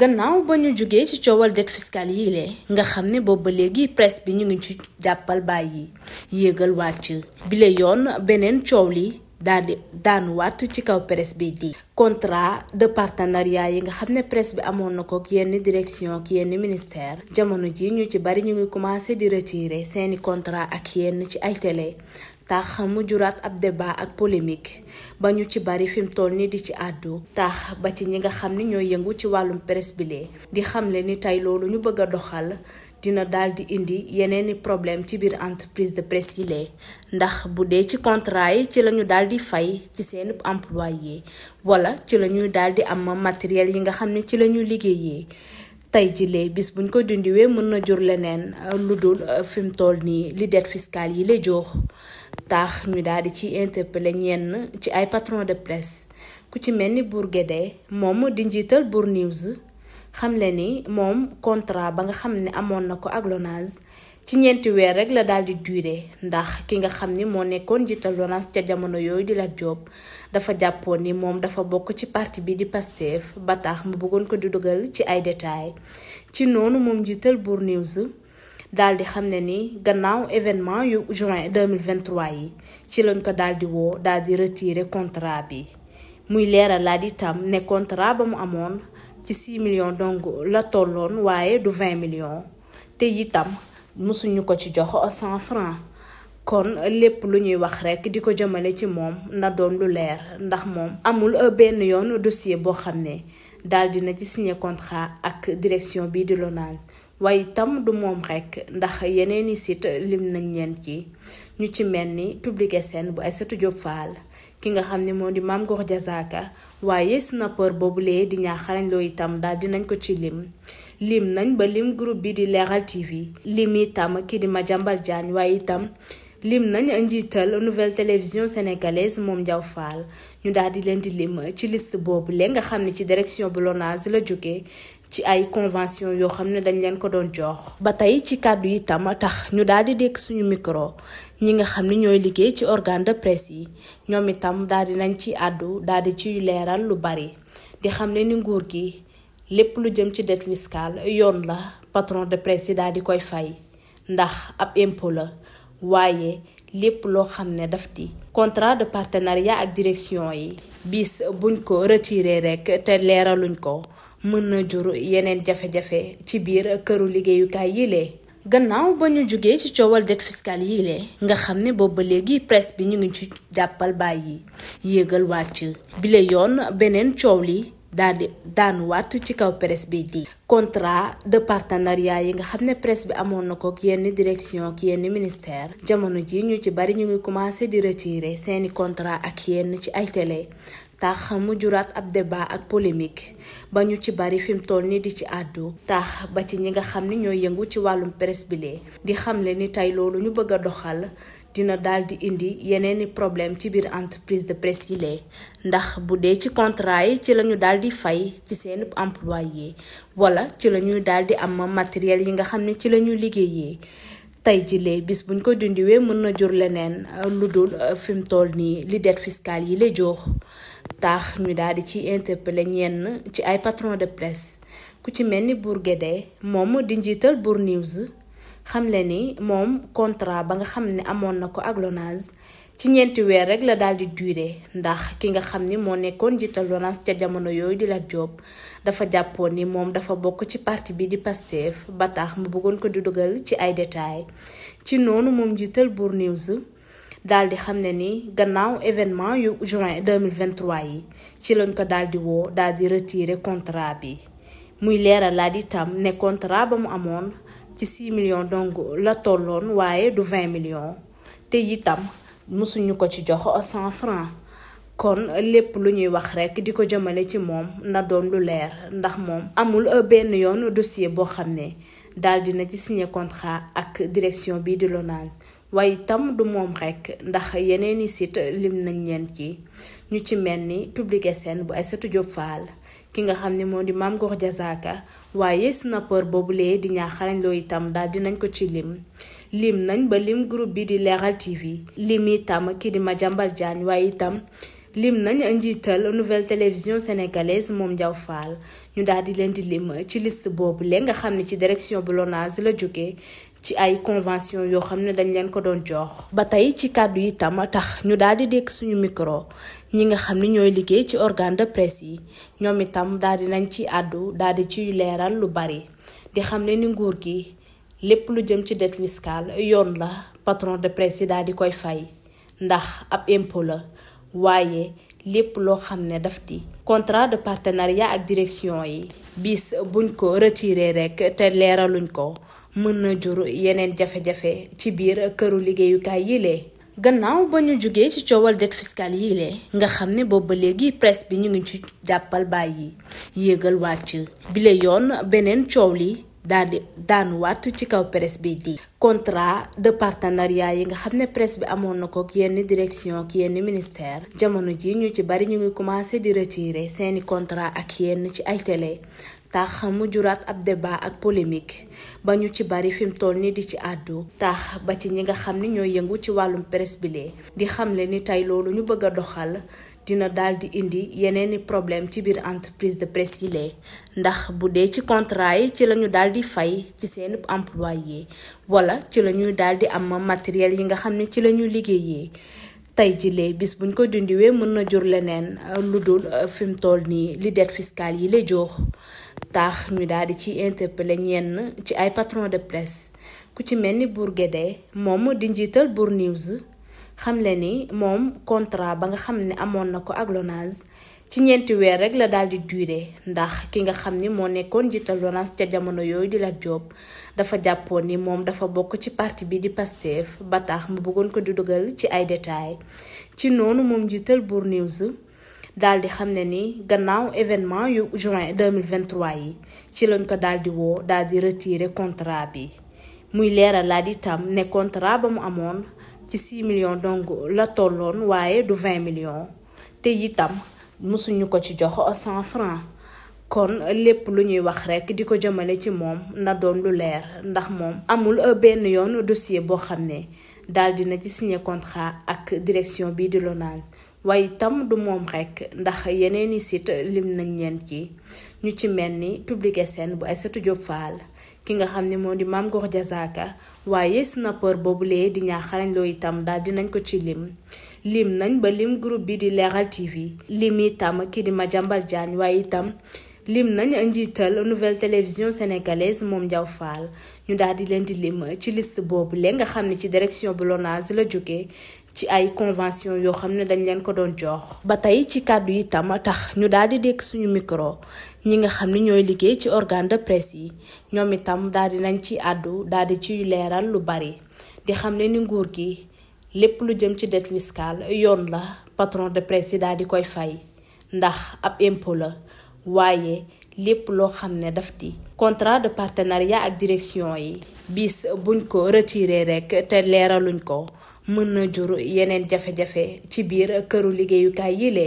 gannaaw ba ñu jógee ci coowal dette fiscale yi lee nga xam ne boobu ba léegi presse bi ñu ngi ci jàppal bàyyi yéegal wàcc bile yoon beneen coow li daal di daanuwaat ci kaw presse bi di contra de partenariat yi nga xam ne presse bi amoon na ko yenn direction ak yenn ministère jamono ji ñu ci bari ñu ngi commencé di retirer seeni contrat ak yenn ci ay télé tax mu juraat ab débat ak polémique ba ñu ci bari fi mu toll nii di ci àddu tax ba ci ñi nga xam ni ñooy yëngu ci wàllum presse bile di xamle ni tey loolu ñu bëgg a doxal dina daal di indi yeneeni problème ci biir entreprise de presse yi lee ndax bu dee ci contrat yi ci la ñu daal di fay ci seen yi wala ci la ñuy daal di am matériel yi nga xam ne ci la ñuy liggéeyee tey jilee bis buñ ko dindiwee mën na jur leneen lu dul fi mu toll nii li dette fiscale yi la jox taax ñu daal di ci interpeller ñenn ci ay patron de presse ku ci mel ni Bour Guédé moom di njiital Bour xam xamle ni moom contrat ba nga xam ne amoon na ko ak Lonase ci ñeenti weer rek la daal di durer ndax ki nga xam ni moo nekkoon njiital Lonase ca jamono yooyu di la Diop dafa jàppoon ni moom dafa bokk ci parti bi di Pastef ba tax mu bëggoon ko di dugal ci ay détails ci noonu moom njiital Bour News dal di xam ni gannaaw événement yu juin 2023 yi ci lañ ko daal di woo daal di retirer contrat bi muy leeralaat itam ne contrat ba mu amoon ci 6 millions donc la tolon waye du 20 millions te yitam musuñu ko ci jox 100 francs kon lepp lu ñuy wax rek di ko ci mom na doon lu leer ndax mom amul benn yoon dossier bo xam ne daal dina ci signé contrat ak direction bi di lonal waaye itam du moom rekk ndax yeneen i site lim nañ leen ci ñu ci mel ni Public SN bu Aïssatou Diop Fall ki nga xam ne moo di Mame Gor Diazaka waaye snapper boobu lee di ñaa xarañ loo itam daal nañ ko ci lim lim nañ ba lim groupe bi di Leral TV lim itam ki di ma Madiambal Diagne waaye itam lim nañ njiital nouvelle télévision sénégalaise moom Diaw Fall ñu daal di leen di lim ci list boobu lee nga xam ne ci direction bu LONASE la jógee ci ay convention yoo xam ne dañ leen ko doon jox. ba tey ci kàddu yi tam tax ñu daal di dégg suñu micro ñi nga xam ni ñooy liggéey ci organe de presse yi ñoom itam daal di nañ ci àddu daal di ciy leeral lu bari di xam ne ni nguur gi lépp lu jëm ci dette fiscale yoon la patron de presse yi daal di koy fay ndax ab impôt la waaye lépp loo xam ne daf di contrat de partenariat ak direction yi. bis buñ ko retiré rek te leeraluñ ko. mën na jur yeneen jafe-jafe ci biir këru liggéeyukaay yile gannaaw ba ñu jógee ci coowal dette fiscale yii le nga xam ne boobu ba léegi presse bi ñu ngi ci jàppal bàyyi yéegal wàcc bile yoon beneen coow li daal di daanuwaat ci kaw presse bi di contrat de partenariat yi nga xam ne press bi amoon na ko yenn direction ak yenn ministère jamono ji ñu ci bari ñu ngi commencé di retirer seeni contrat ak yenn ci ay télé tax mu juraat ab débat ak polémique ba ñu ci bari fi mu toll ni di ci àddu taax ba ci ñi nga xam ni ñooy yëngu ci wàllum presse bile di xamle ni tey loolu ñu bëgg a doxal dina daal di indi yeneeni problème ci biir entreprise de presse yi lee ndax bu dee ci contrat yi ci lañu daal di fay ci seen yi wala ci la ñuy daal di am matériel yi nga xam ne ci la ñuy liggéeyee tey jilee bis buñ ko dindiwee mën na jur leneen euh, lu dul euh, fi mu toll nii li dette yi la jox tax ñu daal di ci interpellé ñenn ci ay patron de presse ku ci mel ni Bour Guédé moom di njiital Bour News xam le moom contrat ba nga xam ne amoon na ko ak Lonase ci ñeenti weer rek la daal di duré ndax ki nga xam ni moo nekkoon jital Lonase ca jamono yooyu di la Diop dafa jàppoon ni moom dafa bokk ci parti bi di Pastef ba tax mu bëggoon ko di dugal ci ay détails ci noonu moom jiital Bour News daal di xam ne ni gannaaw événement yu juin 2023 yi ci lañ ko daal di woo daldi di retirer contrat bi muy leeralaat itam ne contrat ba mu amoon ci 6 million donc la tolloon waaye du 20 millions te itam mësuñu ko ci jox cent francs kon lépp lu ñuy wax rekk di ko jëmale ci moom na doon lu leer ndax moom amul benn yoon dossier boo xam ne daal dina ci signé contrat ak direction bii di Lonase waaye itam du moom rekk ndax yeneen i site lim nañ leen ci ñu ci mel ni Public SN bu Aïssatou Diop Fall ki nga xam ne moo di Mame Gor Diazaka waaye snapper boobu lee di ñaaxarañ loo itam daal nañ ko ci lim lim nañ ba lim groupe bi di leeral TV lim itam kii di Madiambal Diagne waaye itam lim nañ njiital nouvelle télévision sénégalaise moom Diaw Fall ñu daal di leen di lim ci list boobu leen nga xam ne ci direction bu LONASE la jóge ci ay convention yoo xam ne dañ leen ko doon jox. ba tey ci kàddu yi tam tax ñu daal di dégg suñu micro ñi nga xam ni ñooy liggéey ci organe de presse yi ñoom itam daal di nañ ci àddu daal di ciy leeral lu bari di xam ne ni nguur gi lépp lu jëm ci dette fiscale yoon la patron de presse yi daal di koy fay ndax ab impôt la waaye lépp loo xam ne daf di contrat de partenariat ak direction yi bis buñ ko retiré rek te leeraluñ ko mën na jur yeneen jafe-jafe ci biir këru liggéeyukaay yilee gannaaw ba ñu jógee ci coowal dette yi yilee nga xam ne boobu ba léegi presse bi ñu ngi ci jàppal bàyyi yéegal wàcc bile yoon beneen coow li daadi di daanuwaat ci kaw presse bi di contrat de partenariat yi nga xam ne presse bi amoon na ko ak yenn direction ak yenn ministère jamono ji ñu ci bari ñu ngi commencé di retirer seeni contrat ak yenn ci ay télé tax mu juraat ab débat ak polémique ba ñu ci bari fi mu toll nii di ci àddu tax ba ci ñi nga xam ni ñooy yëngu ci wàllum presse bi lee di xamle ni tey loolu ñu bëgg a doxal dina daal di indi yeneeni problème ci biir entreprise de presse yi lee ndax bu dee ci contrat yi ci lañu daal di fay ci seen yi wala ci la ñuy daal di am matériel yi nga xam ne ci la ñuy liggéeyee tey jilee bis buñ ko dindiwee mën na jur leneen euh, lu dul euh, fi mu toll nii li dette fiscale yi la jox tax ñu daal di ci interpellé ñenn ci ay patron de presse ku ci mel ni Bour Guédé moom di njiital Bour News xam xamle ni moom contrat ba nga xam ne amoon na ko ak Lonase ci ñeenti weer rek la daal di duré ndax ki nga xam ni moo nekkoon jiital Lonase ca jamono yooyu di la Diop dafa jàppoon ni moom dafa bokk ci parti bi di Pastef ba tax mu bëggoon ko di dugal ci ay détails ci noonu moom jiital Bour News daal di xam ne ni gannaaw événement yu juin 2023 yi ci lañ ko daal di woo daal di retiré contrat bi muy leeral leeralaat itam ne contrat ba mu amoon ci 6 millions donc la tolone waye du 20 millions te yitam musuñu ko ci jox 100 francs kon lepp lu ñuy wax rek diko ko ci mom na doon lu leer ndax mom amul benn yoon dossier bo xamné dal dina ci signer contrat ak direction bi de LONASE waaye itam du moom rek ndax yeneen i site lim nañ leen ci ñu ci mel ni Publication bu Aïssatou Diop Fall ki nga xam ne moo di Mame Gor Diazaka waaye snapper boobulee di ñaa xarañ loo itam daal nañ ko ci lim lim nañ ba lim groupe bi di Leral TV lim itam ki di ma jàmbal Diagne waaye itam lim nañ njiital nouvelle télévision sénégalaise moom Ndiaw Fall ñu daal di leen di lim ci liste boobu le nga xam ne ci direction bu LONASE la jóge ci ay convention yoo xam ne dañ leen ko doon jox. ba tey ci kàddu yi tam tax ñu daal di dégg suñu micro ñi nga xam ni ñooy liggéey ci organe de presse yi ñoom itam daal di nañ ci àddu daal di ci leeral lu bari di xam ne ni nguur gi lépp lu jëm ci dette fiscale yoon la patron de presse yi daal di koy fay ndax ab impôt la waaye lépp loo xam ne daf di contrat de partenariat ak direction yi bis buñ ko retiré rek te leeraluñ ko mën na jur yeneen jafe-jafe ci biir këru liggéeyukaay yile